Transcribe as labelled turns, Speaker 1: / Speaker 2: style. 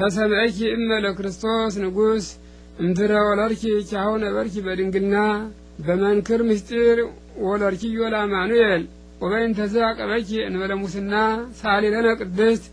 Speaker 1: ተሰምዐኪ እመ ለክርስቶስ ንጉሥ እምድረ ወለርኪ ቻሁ ነበርኪ በድንግልና በመንክር ምስጢር ወለርኪዮ ለአማኑኤል ወበይንተዝ አቀበኪ እንበለ ሙስና ሳሊለነ ቅድስት